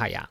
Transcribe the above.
係呀。